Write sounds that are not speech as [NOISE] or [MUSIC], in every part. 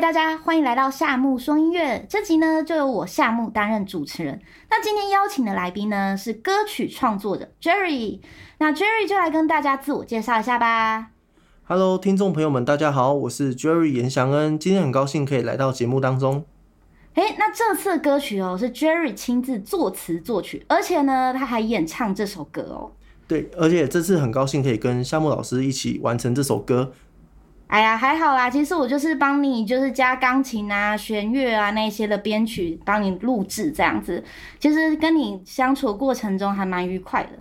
大家歡迎來到夏慕說音樂，這集呢就由我夏慕擔任主持人。那今天邀請的來賓呢是歌曲創作者 Jerry，那 Jerry 就來跟大家自我介紹一下吧。Hello，聽眾朋友們，大家好，我是 Jerry 嚴祥恩，今天很高興可以來到節目當中。哎，那這次歌曲哦，是 Jerry 親自作詞作曲，而且呢他還演唱這首歌哦。對，而且這次很高興可以跟夏慕老師一起完成這首歌。哎呀，還好啦。其實我就是幫你，就是加鋼琴啊、弦樂啊那些的編曲，幫你錄製這樣子。其實跟你相處的過程中還蠻愉快的。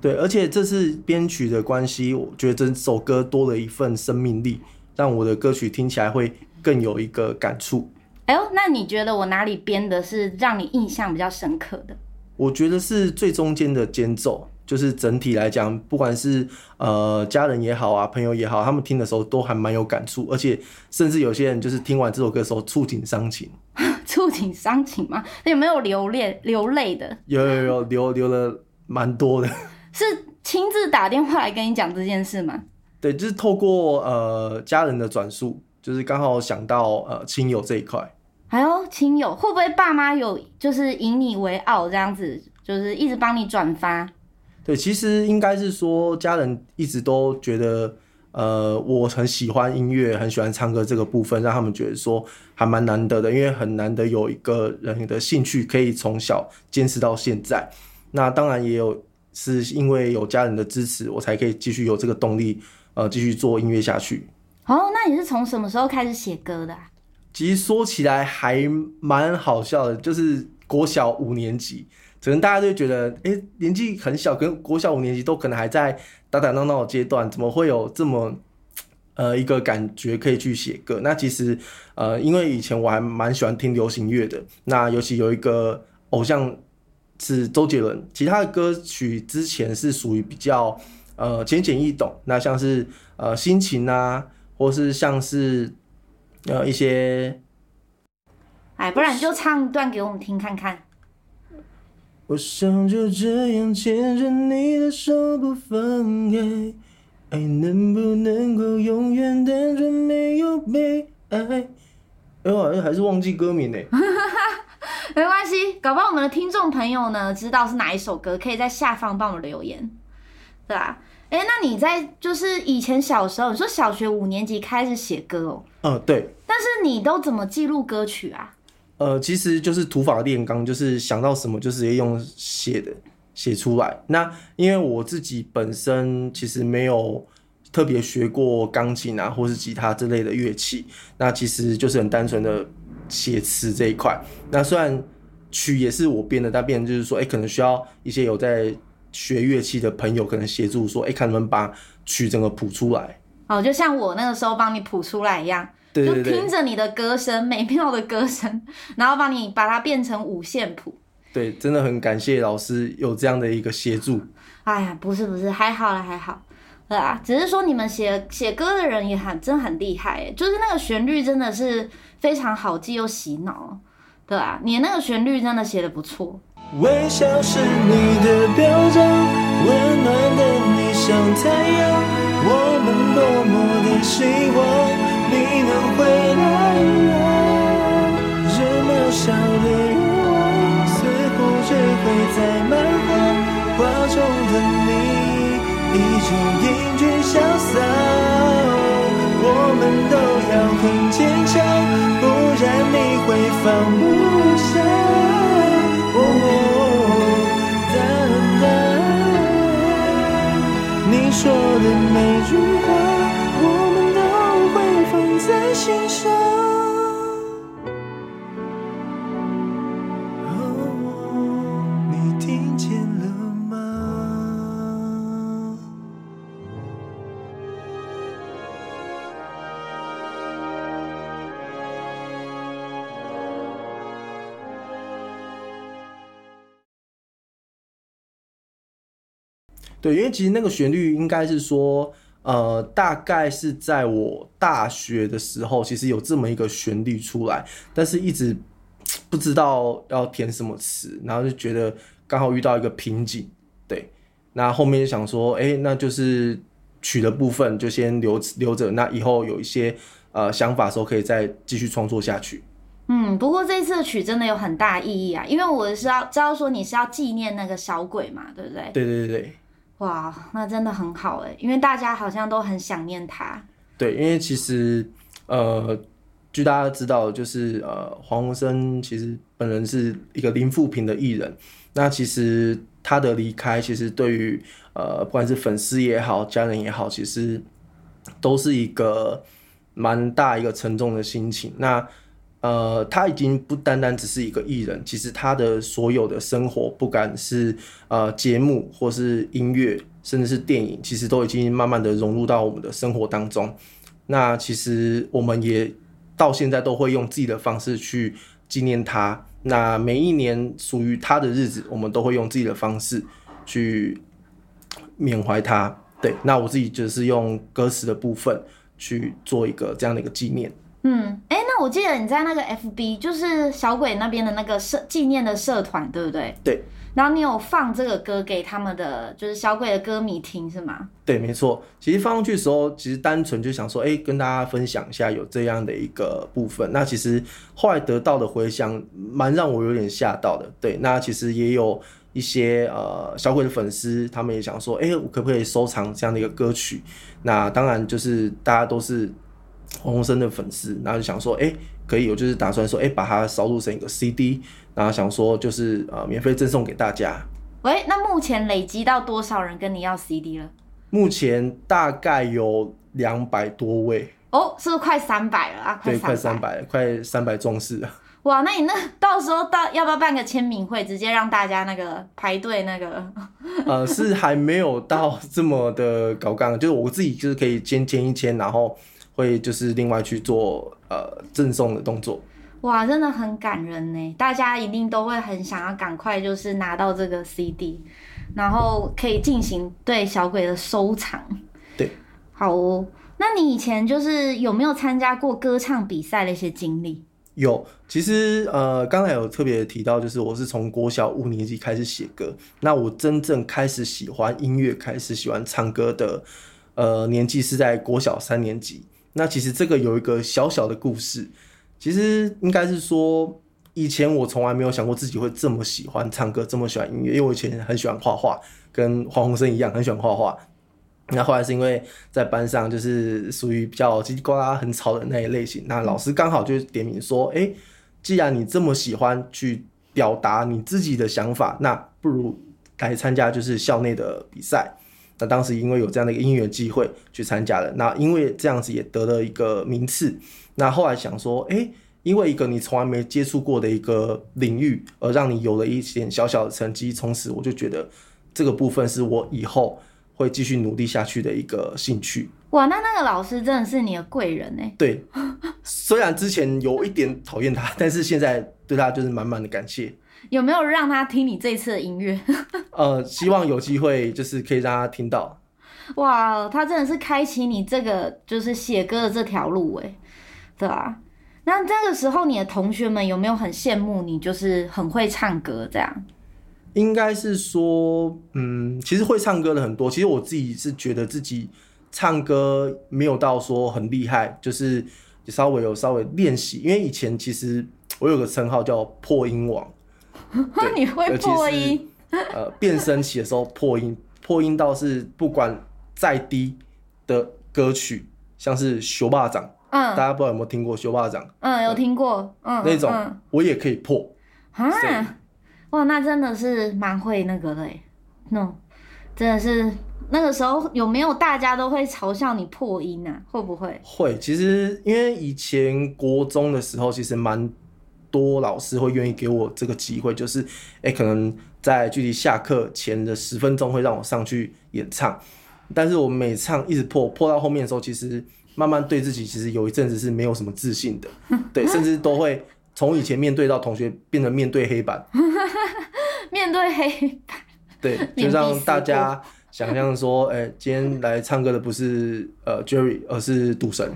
對，而且這次編曲的關係，我覺得整首歌多了一份生命力，讓我的歌曲聽起來會更有一個感觸。哎呦，那你覺得我哪裡編的是讓你印象比較深刻的？我覺得是最中間的間奏。就是整體來講，不管是呃家人也好啊，朋友也好，他們聽的時候都還蠻有感觸，而且甚至有些人就是聽完這首歌的時候觸景傷情， [LAUGHS] 觸景傷情嘛，有沒有流淚流淚的？有有有，流流了蠻多的。 [LAUGHS] 是親自打電話來跟你講這件事嗎？對，就是透過呃家人的轉述，就是剛好想到呃親友這一塊。還有、哎、親友會不會爸媽有就是以你為傲這樣子，就是一直幫你轉發？對，其實應該是說，家人一直都覺得，呃，我很喜歡音樂，很喜歡唱歌這個部分，讓他們覺得說還蠻難得的，因為很難得有一個人的興趣可以從小堅持到現在。那當然也有是因為有家人的支持，我才可以繼續有這個動力，呃，繼續做音樂下去。哦，那你是從什麼時候開始寫歌的啊？其實說起來還蠻好笑的，就是國小五年級。可能大家都覺得，哎、欸，年紀很小，跟國小五年級都可能還在打打鬧鬧的階段，怎麼會有這麼，呃，一個感覺可以去寫歌？那其實，呃，因為以前我還蠻喜歡聽流行樂的，那尤其有一個偶像是周杰倫，其他的歌曲之前是屬於比較，呃，淺顯易懂。那像是，呃，心情啊，或是像是，呃，一些，哎，不然就唱一段給我們聽看看。我想就這樣牽着你的手不放開，愛能不能夠永遠單純沒有悲哀？哎呦，我好像還是忘記歌名呢、欸？ [LAUGHS] 沒關係，搞不好我們的聽眾朋友呢知道是哪一首歌，可以在下方幫我留言，對吧、啊？哎、欸，那你在就是以前小時候，你說小學五年級開始寫歌哦、喔，啊、嗯，對。但是你都怎麼記錄歌曲啊？呃，其實就是土法煉鋼，就是想到什麼就是用寫的寫出來。那因為我自己本身其實沒有特別學過鋼琴啊，或是吉他之類的樂器，那其實就是很單純的寫詞這一塊。那雖然曲也是我編的，但編就是說，哎、欸，可能需要一些有在學樂器的朋友，可能協助說，哎、欸，看能不能把曲整個譜出來。哦，就像我那個時候幫你譜出來一樣。就聽着你的歌聲，對對對，美妙的歌聲，然後把你把它變成五線譜。對，真的很感謝老師有這樣的一個協助。哎呀，不是不是，還好啦還好，對啊，只是說你們寫寫歌的人也很真的很厲害，就是那個旋律真的是非常好記又洗腦，對啊，你那個旋律真的寫的不錯。微笑是你的標章，溫暖的你像太陽，我們多麼的希望。你能回來呀？這渺小的願望，似乎只會在漫畫，畫中的你依舊英俊瀟灑，我們都要很堅強，不然你會放不下。哦，等等，你說的沒。對，因為其實那個旋律應該是說，呃，大概是在我大學的時候，其實有這麼一個旋律出來，但是一直不知道要填什麼詞，然後就覺得剛好遇到一個瓶頸。對，那後，後面就想說，哎，那就是曲的部分就先留留着，那以後有一些呃想法的時候可以再繼續創作下去。嗯，不過這一次的曲真的有很大意義啊，因為我是要知道說你是要紀念那個小鬼嘛，對不對？對對對對。哇，wow, 那真的很好哎，欸，因為大家好像都很想念他。對，因為其實，呃，據大家知道，就是呃，黃鴻升其實本人是一個零負評的藝人。那其實他的離開，其實對於呃，不管是粉絲也好，家人也好，其實都是一個蠻大一個沉重的心情。那。呃，他已經不單單只是一個藝人，其實他的所有的生活，不管是呃節目，或是音樂，甚至是電影，其實都已經慢慢的融入到我們的生活當中。那其實我們也到現在都會用自己的方式去紀念他。那每一年屬於他的日子，我們都會用自己的方式去緬懷他。對，那我自己就是用歌詞的部分去做一個這樣的一個紀念。嗯，哎，那我記得你在那個 FB，就是小鬼那邊的那個社紀念的社團，對不對？對。然後你有放這個歌給他們的，就是小鬼的歌迷聽，是嗎？對，沒錯。其實放上去的時候，其實單純就想說，哎，跟大家分享一下有這樣的一個部分。那其實後來得到的回響，蠻讓我有點嚇到的。對，那其實也有一些呃小鬼的粉絲，他們也想說，哎，我可不可以收藏這樣的一個歌曲？那當然，就是大家都是。黃鴻升的粉絲，然後就想說，哎、欸，可以，我就是打算說，哎、欸，把它燒錄成一個 CD，然後想說就是呃，免費贈送給大家。喂，那目前累積到多少人跟你要 CD 了？目前大概有兩百多位哦，是不是快三百了啊？300對，快三百，快三百壯士了。哇，那你那到時候到要不要辦個簽名會，直接讓大家那個排隊那個？呃，是還沒有到這麼的高竿 [LAUGHS] 就是我自己就是可以先簽一簽，然後。會就是另外去做呃贈送的動作。哇，真的很感人呢！大家一定都會很想要趕快就是拿到這個 CD，然後可以進行對小鬼的收藏。對，好哦。那你以前就是有沒有參加過歌唱比賽的一些經歷？有，其實呃，剛才有特別提到，就是我是從國小五年級開始寫歌，那我真正開始喜歡音樂，開始喜歡唱歌的呃年紀是在國小三年級。那其實這個有一個小小的故事，其實應該是說，以前我從來沒有想過自己會這麼喜歡唱歌，這麼喜歡音樂，因為我以前很喜歡畫畫，跟黃鴻升一樣很喜歡畫畫。那後來是因為在班上就是屬於比較嘰里呱啦很吵的那一類型，那老師剛好就點名說：“誒、欸，既然你這麼喜歡去表達你自己的想法，那不如來參加就是校內的比賽。”那當時因為有這樣的一個音樂機會去參加了，那因為這樣子也得了一個名次，那後來想說，哎、欸，因為一個你從來沒接觸過的一個領域，而讓你有了一點小小的成績，從此我就覺得這個部分是我以後會繼續努力下去的一個興趣。哇，那那個老師真的是你的貴人呢、欸。對，雖然之前有一點討厭他，但是現在對他就是滿滿的感謝。有沒有讓他聽你這次的音樂？ [LAUGHS] 呃，希望有機會就是可以讓他聽到。哇，他真的是開啟你這個就是寫歌的這條路哎、欸，對啊。那這個時候你的同學們有沒有很羨慕你，就是很會唱歌這樣？應該是說，嗯，其實會唱歌的很多。其實我自己是覺得自己唱歌沒有到說很厲害，就是稍微有稍微練習。因為以前其實我有個稱號叫破音王。 [LAUGHS] 對你會破音？呃，變聲期的時候破音， [LAUGHS] 破音倒是不管再低的歌曲，像是《學霸掌》。嗯，大家不知道有沒有聽過《學霸掌》？嗯，對有聽過。嗯，那種、嗯、我也可以破。啊哈？以哇，那真的是蠻會那個的、欸。那、no, 真的是那個時候有沒有大家都會嘲笑你破音啊？會不會？會，其實因為以前國中的時候其實蠻。多老師會願意給我這個機會，就是，欸、可能在距離下課前的十分鐘會讓我上去演唱，但是我每唱一直破，破到後面的時候，其實慢慢對自己其實有一陣子是沒有什麼自信的， [LAUGHS] 對，甚至都會從以前面對到同學變成面對黑板， [LAUGHS] 面對黑板，對，就讓大家想象說、欸，今天來唱歌的不是呃 Jerry，而是賭神。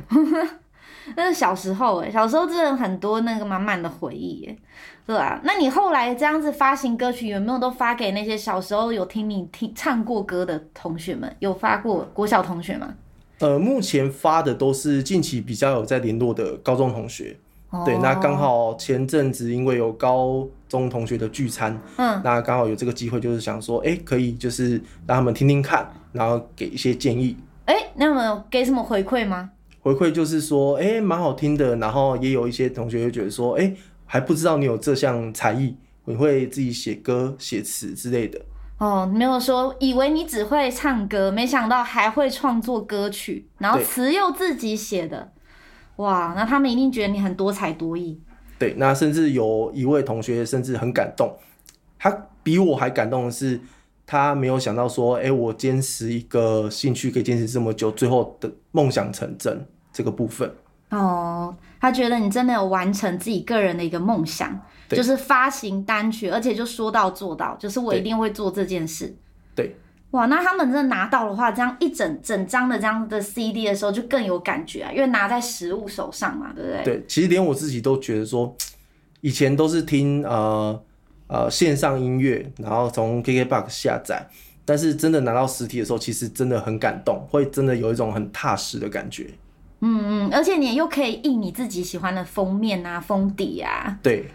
那是小時候哎、欸，小時候真的很多那個滿滿的回憶、欸，對啊，那你後來這樣子發行歌曲，有沒有都發給那些小時候有聽你聽唱過歌的同學們？有發過國小同學嗎？呃，目前發的都是近期比較有在聯絡的高中同學。哦、對，那剛好前陣子因為有高中同學的聚餐，嗯，那剛好有這個機會，就是想說，哎、欸，可以就是讓他們聽聽看，然後給一些建議。哎、欸，那有沒有給什麼回饋嗎？回饋就是說，誒、欸，蠻好聽的。然後也有一些同學就覺得說，誒、欸，還不知道你有這項才藝，你會自己寫歌、寫詞之類的。哦，沒有說以為你只會唱歌，沒想到還會創作歌曲，然後詞又自己寫的。對哇，那他們一定覺得你很多才多藝。對，那甚至有一位同學甚至很感動，他比我還感動的是，他沒有想到說，誒、欸，我堅持一個興趣可以堅持這麼久，最後的。夢想成真這個部分哦，他覺得你真的有完成自己個人的一個夢想，對就是發行單曲，而且就說到做到，就是我一定會做這件事。對，哇，那他們真的拿到的話，這樣一整整張的這樣的 CD 的時候，就更有感覺啊，因為拿在實物手上嘛，對不對？對，其實連我自己都覺得說，以前都是聽呃呃線上音樂，然後從 KKBOX 下載。但是真的拿到實體的時候，其實真的很感動，會真的有一種很踏實的感覺。嗯嗯，而且你又可以印你自己喜歡的封面啊、封底啊。對。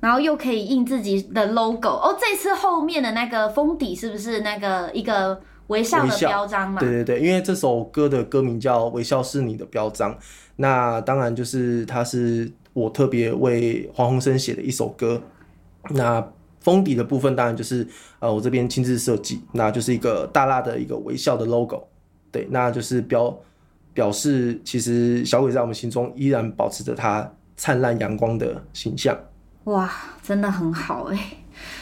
然後又可以印自己的 logo。哦，這次後面的那個封底是不是那個一個微笑的標章嘛？對對對，因為這首歌的歌名叫《微笑是你的標章》，那當然就是它是我特別為黃鴻升寫的一首歌。那。封底的部分當然就是，呃，我這邊親自設計，那就是一個大大的一個微笑的 logo，對，那就是表表示其實小鬼在我們心中依然保持着他燦爛陽光的形象。哇，真的很好哎、欸。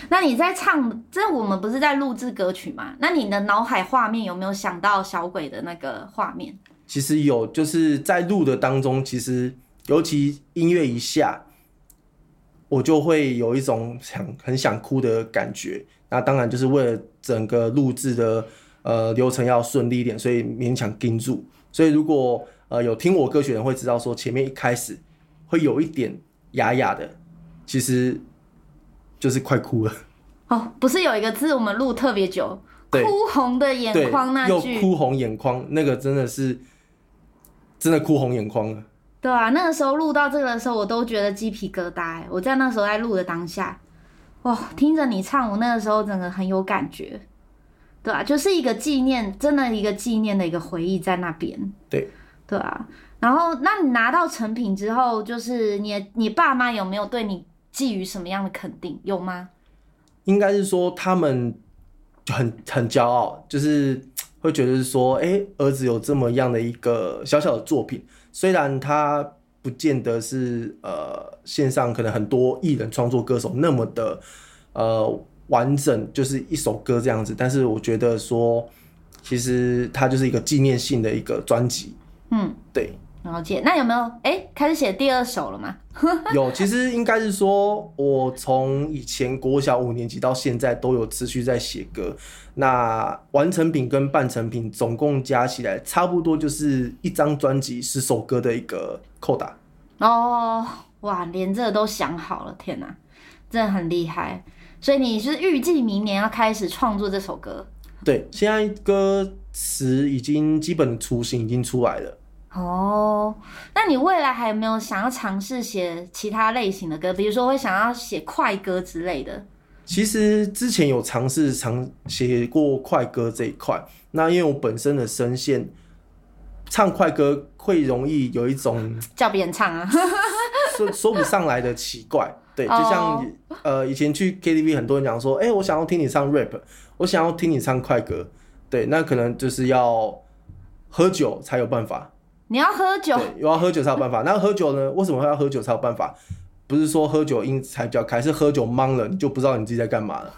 那你在唱，這我們不是在錄製歌曲嗎？那你的腦海畫面有沒有想到小鬼的那個畫面？其實有，就是在錄的當中，其實尤其音樂一下。我就會有一種想很想哭的感覺，那當然就是為了整個錄制的呃流程要順利一點，所以勉強撐住。所以如果呃有聽我歌曲的人會知道，說前面一開始會有一點啞啞的，其實就是快哭了。哦，不是有一個字我們錄特別久，對哭紅的眼眶那句。又哭紅眼眶，那個真的是真的哭紅眼眶了。對啊，那個時候錄到這個的時候，我都覺得雞皮疙瘩。我在那時候在錄的當下，哇，聽着你唱，我那個時候整個很有感覺。對啊，就是一個紀念，真的一個紀念的一個回憶在那邊。對，對啊。然後，那你拿到成品之後，就是你，你爸媽有沒有對你寄予什麼樣的肯定？有嗎？應該是說他們很很驕傲，就是。會覺得是說，誒、欸，兒子有這麼樣的一個小小的作品，雖然他不見得是呃線上可能很多藝人創作歌手那麼的呃完整，就是一首歌這樣子，但是我覺得說，其實它就是一個紀念性的一個專輯，嗯，對。了解，那有沒有哎、欸、開始寫第二首了嗎？ [LAUGHS] 有，其實應該是說，我從以前國小五年級到現在都有持續在寫歌。那完成品跟半成品總共加起來，差不多就是一張專輯十首歌的一個扣打。哦，哇，連這個都想好了，天哪，真的很厲害。所以你就是預計明年要開始創作這首歌？對，現在歌詞已經基本的雛形已經出來了。哦，oh, 那你未來還有沒有想要嘗試寫其他類型的歌？比如說會想要寫快歌之類的？其實之前有嘗試、嘗寫過快歌這一塊。那因為我本身的聲線，唱快歌會容易有一種叫別人唱啊， [LAUGHS] 說說不上來的奇怪。對，就像、oh. 呃以前去 KTV，很多人講說：“哎、欸，我想要聽你唱 rap，我想要聽你唱快歌。”對，那可能就是要喝酒才有辦法。你要喝酒、啊，有要喝酒才有辦法。那喝酒呢？為什 [LAUGHS] 麼會要喝酒才有辦法？不是說喝酒音才比較開，是喝酒懵了，你就不知道你自己在幹嘛了。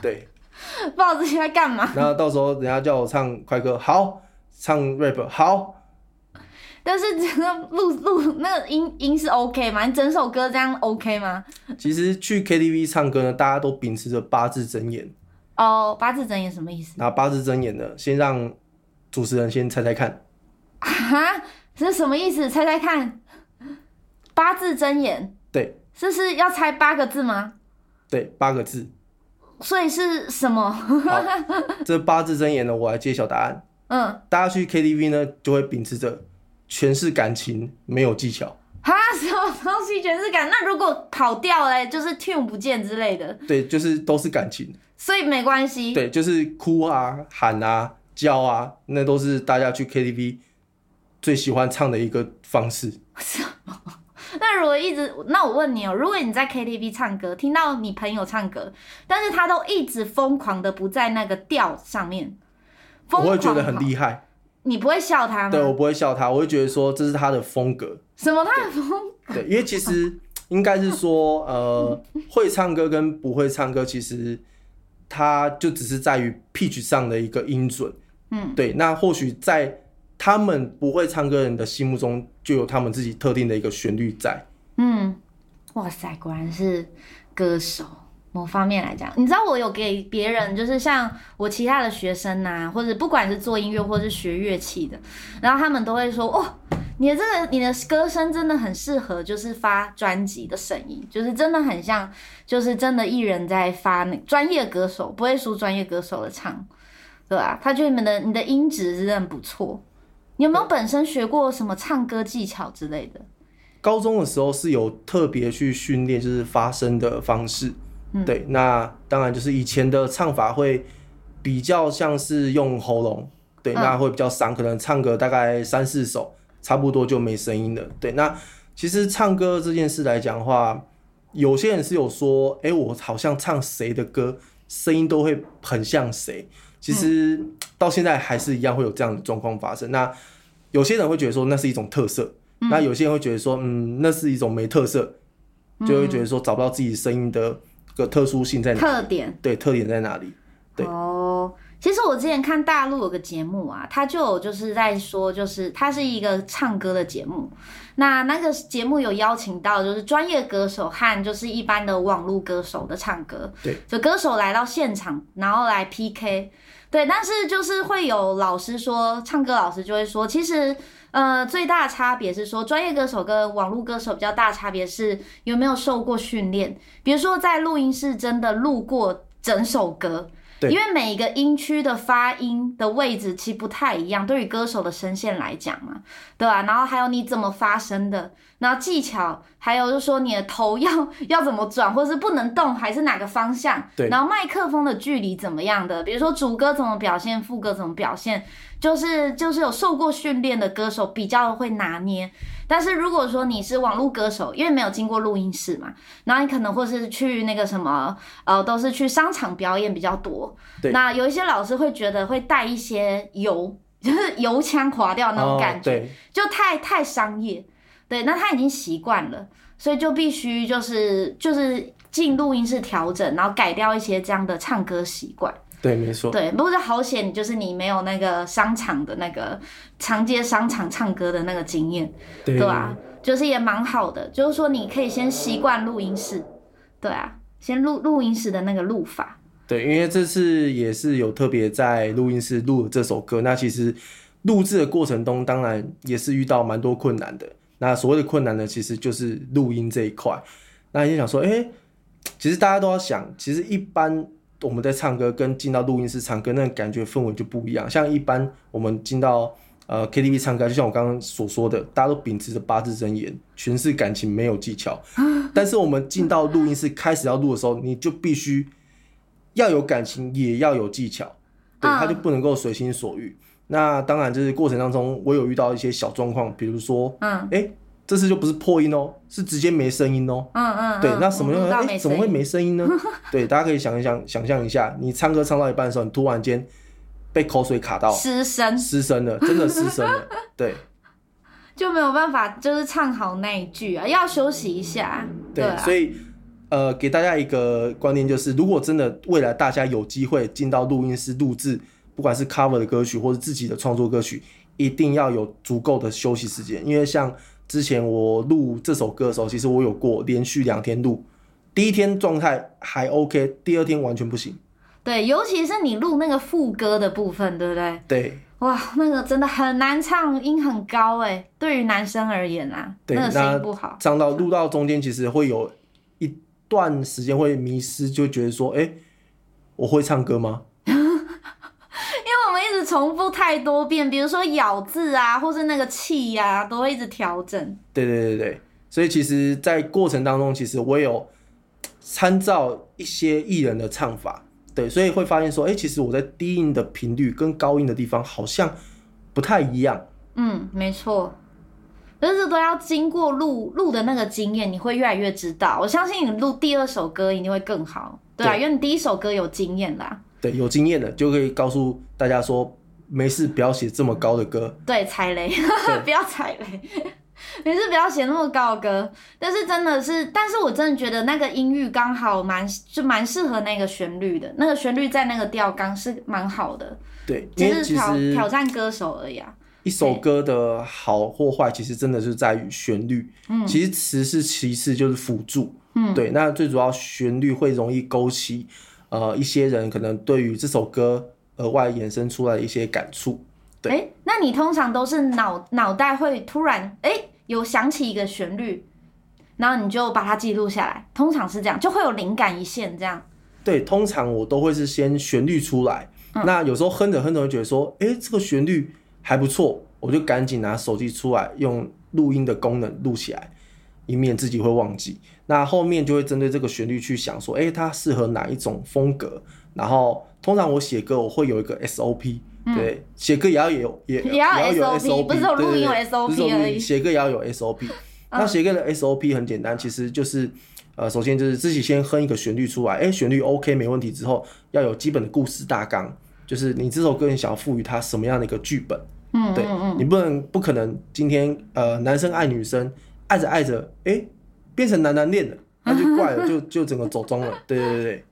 對， [LAUGHS] 不知道自己在幹嘛。那到時候人家叫我唱快歌，好，唱 rap 好。但是那錄錄那個音音是 OK 嗎？你整首歌這樣 OK 嗎？其實去 KTV 唱歌呢，大家都秉持着八字真言。哦，oh, 八字真言什麼意思？那八字真言呢？先讓主持人先猜猜看。啊，這是什麼意思？猜猜看，八字真言。對，這是要猜八個字嗎？對，八個字。所以是什麼？好 [LAUGHS] 這八字真言呢？我來揭曉答案。嗯，大家去 KTV 呢，就會秉持着全是感情，沒有技巧。啊，什麼東西全是感？那如果跑掉嘞，就是 Tune 不見之類的。對，就是都是感情，所以沒關係。對，就是哭啊、喊啊、叫啊，那都是大家去 KTV。最喜歡唱的一個方式。什麼？那如果一直……那我問你喔，如果你在 KTV 唱歌，聽到你朋友唱歌，但是他都一直瘋狂的不在那個調上面，狂狂我會覺得很厲害。你不會笑他嗎？對，我不會笑他，我會覺得說，這是他的風格。什麼他的風格？對，對，因為其實應該是說， [LAUGHS] 呃，會唱歌跟不會唱歌，其實他就只是在於 pitch 上的一個音準。嗯，對，那或許在。他們不會唱歌人的心目中就有他們自己特定的一個旋律在。嗯，哇塞，果然是歌手，某方面來講，你知道我有給別人，就是像我其他的學生吶、啊，或者不管是做音樂或者是學樂器的，然後他們都會說：“哦，你的這個你的歌聲真的很適合，就是發專輯的聲音，就是真的很像，就是真的藝人在發那專業歌手，不會輸專業歌手的唱，對吧？他覺得你的你的音質是很不錯。”你有沒有本身學過什麼唱歌技巧之類的？高中的時候是有特別去訓練，就是發聲的方式。嗯、對，那當然就是以前的唱法會比較像是用喉嚨，對，嗯、那會比較傷，可能唱個大概三四首，差不多就沒聲音了。對，那其實唱歌這件事來講的話，有些人是有說，哎、欸，我好像唱誰的歌，聲音都會很像誰。其實到現在還是一樣會有這樣的狀況發生。那有些人會覺得說那是一種特色，那、嗯、有些人會覺得說嗯那是一種沒特色，就會覺得說找不到自己聲音的個特殊性在哪裡。特點，對，特點在哪裡？對。其實我之前看大陸有個節目啊，他就有就是在說，就是它是一個唱歌的節目。那那個節目有邀請到就是專業歌手和就是一般的網絡歌手的唱歌。對，就歌手來到現場，然後來 PK。對，但是就是會有老師說，唱歌老師就會說，其實呃最大差別是說專業歌手跟網絡歌手比較大的差別是有沒有受過訓練，比如說在錄音室真的錄過整首歌。對，因為每一個音區的發音的位置其實不太一樣，對於歌手的聲線來講嘛，對吧、啊？然後還有你怎麼發聲的，然後技巧，還有就是說你的頭要要怎麼轉，或者是不能動，還是哪個方向？對。然後麥克風的距離怎麼樣的？比如說主歌怎麼表現，副歌怎麼表現？就是就是有受過訓練的歌手比較會拿捏。但是如果說你是網絡歌手，因為沒有經過錄音室嘛，然後你可能或是去那個什麼，呃，都是去商場表演比較多。對那有一些老師會覺得會帶一些油，就是油腔滑調那種感覺，oh, 對就太太商業。對。那他已經習慣了，所以就必須就是就是進錄音室調整，然後改掉一些這樣的唱歌習慣。對，沒錯。對，不過好險，就是你沒有那個商場的那個長街商場唱歌的那個經驗，對吧？啊？就是也蠻好的，就是說你可以先習慣錄音室，對啊，先錄錄音室的那個錄法。對，因為這次也是有特別在錄音室錄這首歌。那其實錄制的過程中，當然也是遇到蠻多困難的。那所謂的困難呢，其實就是錄音這一塊。那你想說，哎、欸，其實大家都要想，其實一般。我們在唱歌跟進到錄音室唱歌，那感覺氛圍就不一樣。像一般我們進到呃 KTV 唱歌，就像我剛剛所說的，大家都秉持着八字真言，全是感情沒有技巧。但是我們進到錄音室開始要錄的時候，你就必須要有感情，也要有技巧。對，他就不能夠隨心所欲。那當然，就是過程當中我有遇到一些小狀況，比如說，嗯，哎。這次就不是破音哦，是直接沒聲音哦。嗯嗯。嗯對，嗯、那什麼用？哎，怎麼會沒聲音呢？ [LAUGHS] 對，大家可以想一想，想象一下，你唱歌唱到一半的時候，你突然間被口水卡到，失聲，失聲了，真的失聲了。 [LAUGHS] 對，就沒有辦法，就是唱好那一句啊，要休息一下。對，啊對，所以呃，給大家一個觀念，就是如果真的未來大家有機會進到錄音室錄製，不管是 cover 的歌曲或是自己的創作歌曲，一定要有足夠的休息時間，因為像。之前我錄這首歌的時候，其實我有過連續兩天錄，第一天狀態還 OK，第二天完全不行。對，尤其是你錄那個副歌的部分，對不對？對，哇，那個真的很難唱，音很高誒，對於男生而言啊，對，那個聲音不好。唱到錄到中間，其實會有一段時間會迷失，就覺得說，欸，我會唱歌嗎？重複太多遍，比如說咬字啊，或是那個氣呀、啊，都會一直調整。對對對對，所以其實，在過程當中，其實我也有參照一些藝人的唱法，對，所以會發現說，哎、欸，其實我在低音的頻率跟高音的地方好像不太一樣。嗯，沒錯，就是都要經過錄錄的那個經驗，你會越來越知道。我相信你錄第二首歌一定會更好，對啊，對，因為你第一首歌有經驗啦。對，有經驗的就可以告訴大家說，沒事，不要寫這麼高的歌。對，踩雷對呵呵，不要踩雷，沒事，不要寫那麼高的歌。但是真的是，但是我真的覺得那個音域剛好蠻，就蠻適合那個旋律的。那個旋律在那個調剛是蠻好的。對，就是挑實挑戰歌手而已啊。一首歌的好或壞，其實真的是在於旋律。對對嗯，其實詞是其次，就是輔助。嗯，對，那最主要旋律會容易勾起。呃，一些人可能對於這首歌額外衍生出來的一些感觸。對、欸，那你通常都是腦腦袋會突然哎、欸、有想起一個旋律，然後你就把它記錄下來，通常是這樣，就會有靈感一線這樣。對，通常我都會是先旋律出來，嗯、那有時候哼着哼着會覺得說，哎、欸，這個旋律還不錯，我就趕緊拿手機出來用錄音的功能錄起來。以免自己會忘記，那後面就會針對這個旋律去想說，哎、欸，它適合哪一種風格？然後通常我寫歌我會有一個 SOP，嗯，對，寫歌也要有也有，也要 SOP，也要有 SOP，不是說錄音有 SOP 而已，寫歌也要有 SOP，嗯。那寫歌的 SOP 很簡單，其實就是，呃，首先就是自己先哼一個旋律出來，哎、欸，旋律 OK 沒問題之後，要有基本的故事大綱，就是你這首歌你想要賦予它什麼樣的一個劇本？嗯嗯嗯，對，你不能不可能今天呃男生愛女生。愛着愛着，哎、欸，變成男男戀了，那就怪了，就就整個走中鐘了。 [LAUGHS] 對對對,對，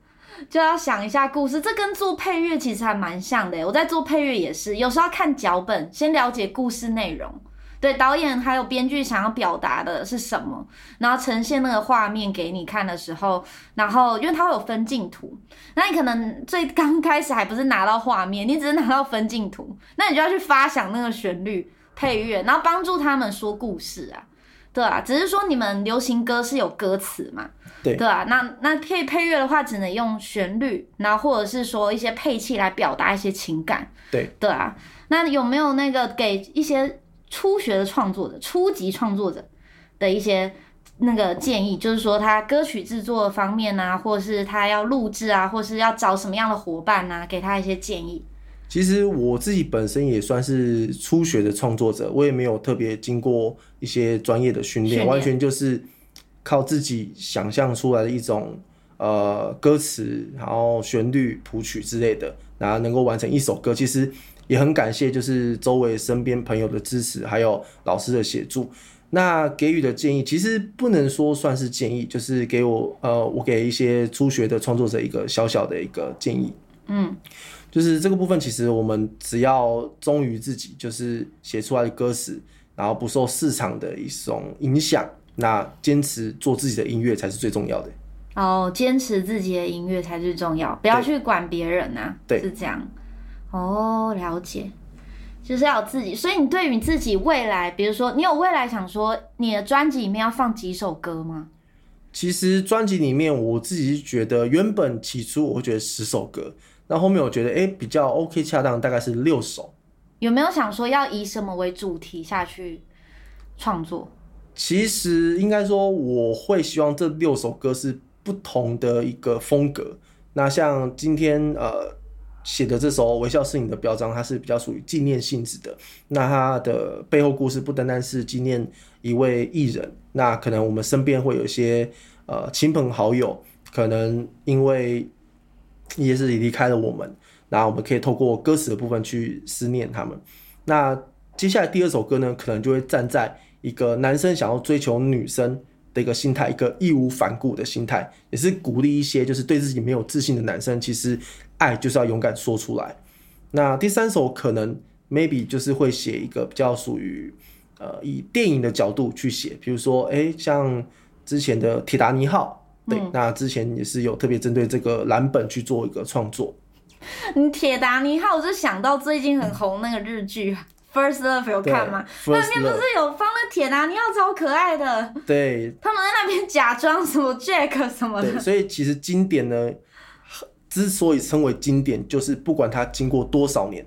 就要想一下故事，這跟做配樂其實還蠻像的、欸。我在做配樂也是，有時候要看腳本，先了解故事內容，對導演還有編劇想要表達的是什麼，然後呈現那個畫面給你看的時候，然後因為它會有分鏡圖，那你可能最剛開始還不是拿到畫面，你只是拿到分鏡圖，那你就要去發想那個旋律配樂，然後幫助他們說故事啊。對啊，只是說你們流行歌是有歌詞嘛？對,對啊，那那配配樂的話，只能用旋律，然後或者是說一些配器來表達一些情感。對對啊，那有沒有那個給一些初學的創作者、初級創作者的一些那個建議？Oh. 就是說他歌曲制作方面啊，或者是他要錄制啊，或是要找什麼樣的伙伴啊，給他一些建議。其實我自己本身也算是初學的創作者，我也沒有特別經過一些專業的訓練，完全就是靠自己想象出來的一種呃歌詞，然後旋律、譜曲之類的，然後能夠完成一首歌。其實也很感謝就是周圍身邊朋友的支持，還有老師的協助。那給予的建議，其實不能說算是建議，就是給我呃，我給一些初學的創作者一個小小的一個建議。嗯，就是這個部分，其實我們只要忠於自己，就是寫出來的歌詞，然後不受市場的一種影響，那堅持做自己的音樂才是最重要的。哦，堅持自己的音樂才是最重要，不要去管別人啊。對，是這樣。對哦，了解。就是要自己，所以你對於自己未來，比如說你有未來想說你的專輯裡面要放幾首歌嗎？其實專輯裡面，我自己覺得原本起初我會覺得十首歌。那後面我覺得，欸、比較 OK 恰當，大概是六首。有沒有想說要以什麼為主題下去創作？其實應該說，我會希望這六首歌是不同的一個風格。那像今天呃寫的這首《微笑是你的、的標章》，它是比較屬於紀念性質的。那它的背後故事不單單是紀念一位藝人，那可能我們身邊會有一些呃親朋好友，可能因為。一些是離開了我們，然後我們可以透過歌詞的部分去思念他們。那接下來第二首歌呢，可能就會站在一個男生想要追求女生的一個心態，一個義無反顧的心態，也是鼓勵一些就是對自己沒有自信的男生，其實愛就是要勇敢說出來。那第三首可能 maybe 就是會寫一個比較屬於呃以電影的角度去寫，比如說誒、欸，像之前的《鐵達尼號》。對，那之前也是有特別針對這個藍本去做一個創作、嗯。你鐵達尼號，我就想到最近很紅那個日劇《嗯、First Love》，有看嗎？對那裡面不是有放了鐵達尼號，超可愛的。對，他們在那邊假裝什麼 Jack 什麼的。對，所以其實經典呢，之所以稱為經典，就是不管它經過多少年，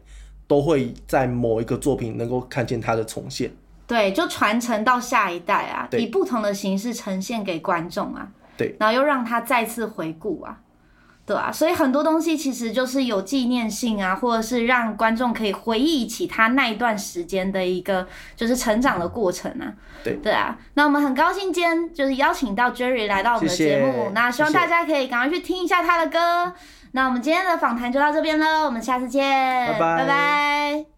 都會在某一個作品能夠看見它的重現。對，就傳承到下一代啊，對以不同的形式呈現給觀眾啊。對，然後又讓他再次回顧啊，對啊，所以很多東西其實就是有紀念性啊，或者是讓觀眾可以回憶起他那一段時間的一個就是成長的過程啊。對對啊，那我們很高興今天就是邀請到 Jerry 來到我們的節目，謝謝。那希望大家可以趕快去聽一下他的歌。謝謝。那我們今天的訪談就到這邊嘍，我們下次見，拜拜 bye。Bye bye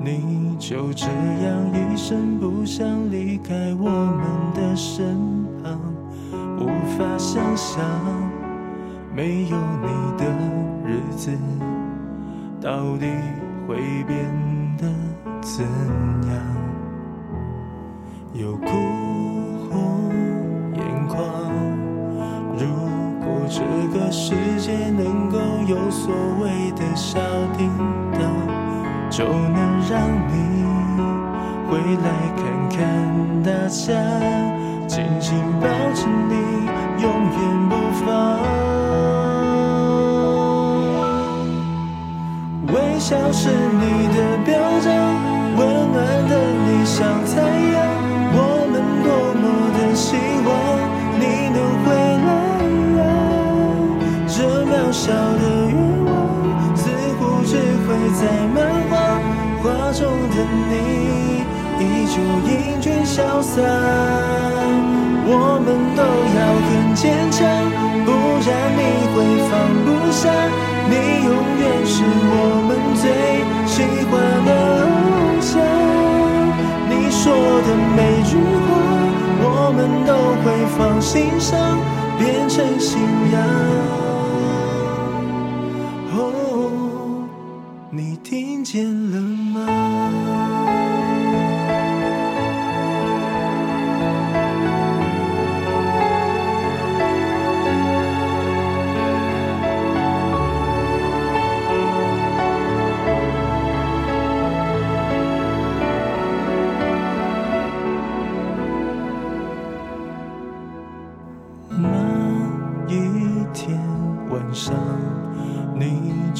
你就這樣一聲不響離開我們的身旁，無法想象沒有你的日子到底會變得怎樣，又哭紅眼眶。如果這個世界能夠有所謂的小叮噹。就能讓你回來看看大家，輕輕緊緊抱着你，永遠不放。微笑是你的標章，溫暖的你像太陽，堅強，不然你會放不下。你永遠是我們最喜歡的偶像。你說的每句話，我們都會放心上，變成信仰。哦、oh，你聽見。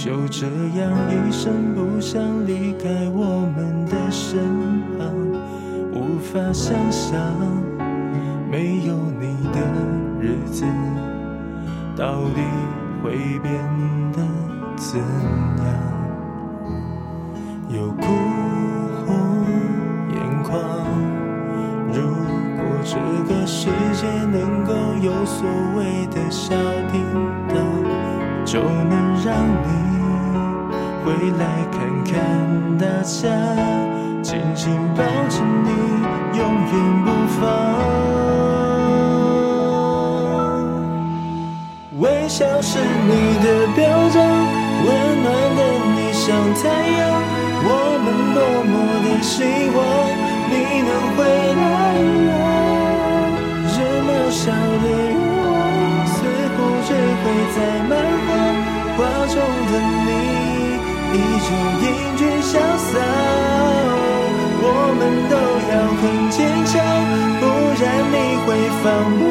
就這樣一聲不響離開我們的身旁，無法想象沒有你的日子，到底會變得怎樣，又哭紅眼眶。如果這個世界能夠有所謂的小叮噹，就能讓你。回來看看大家，緊緊抱着你，永遠不放。微笑是你的標章英俊瀟灑，我們都要很堅強，不然你會放。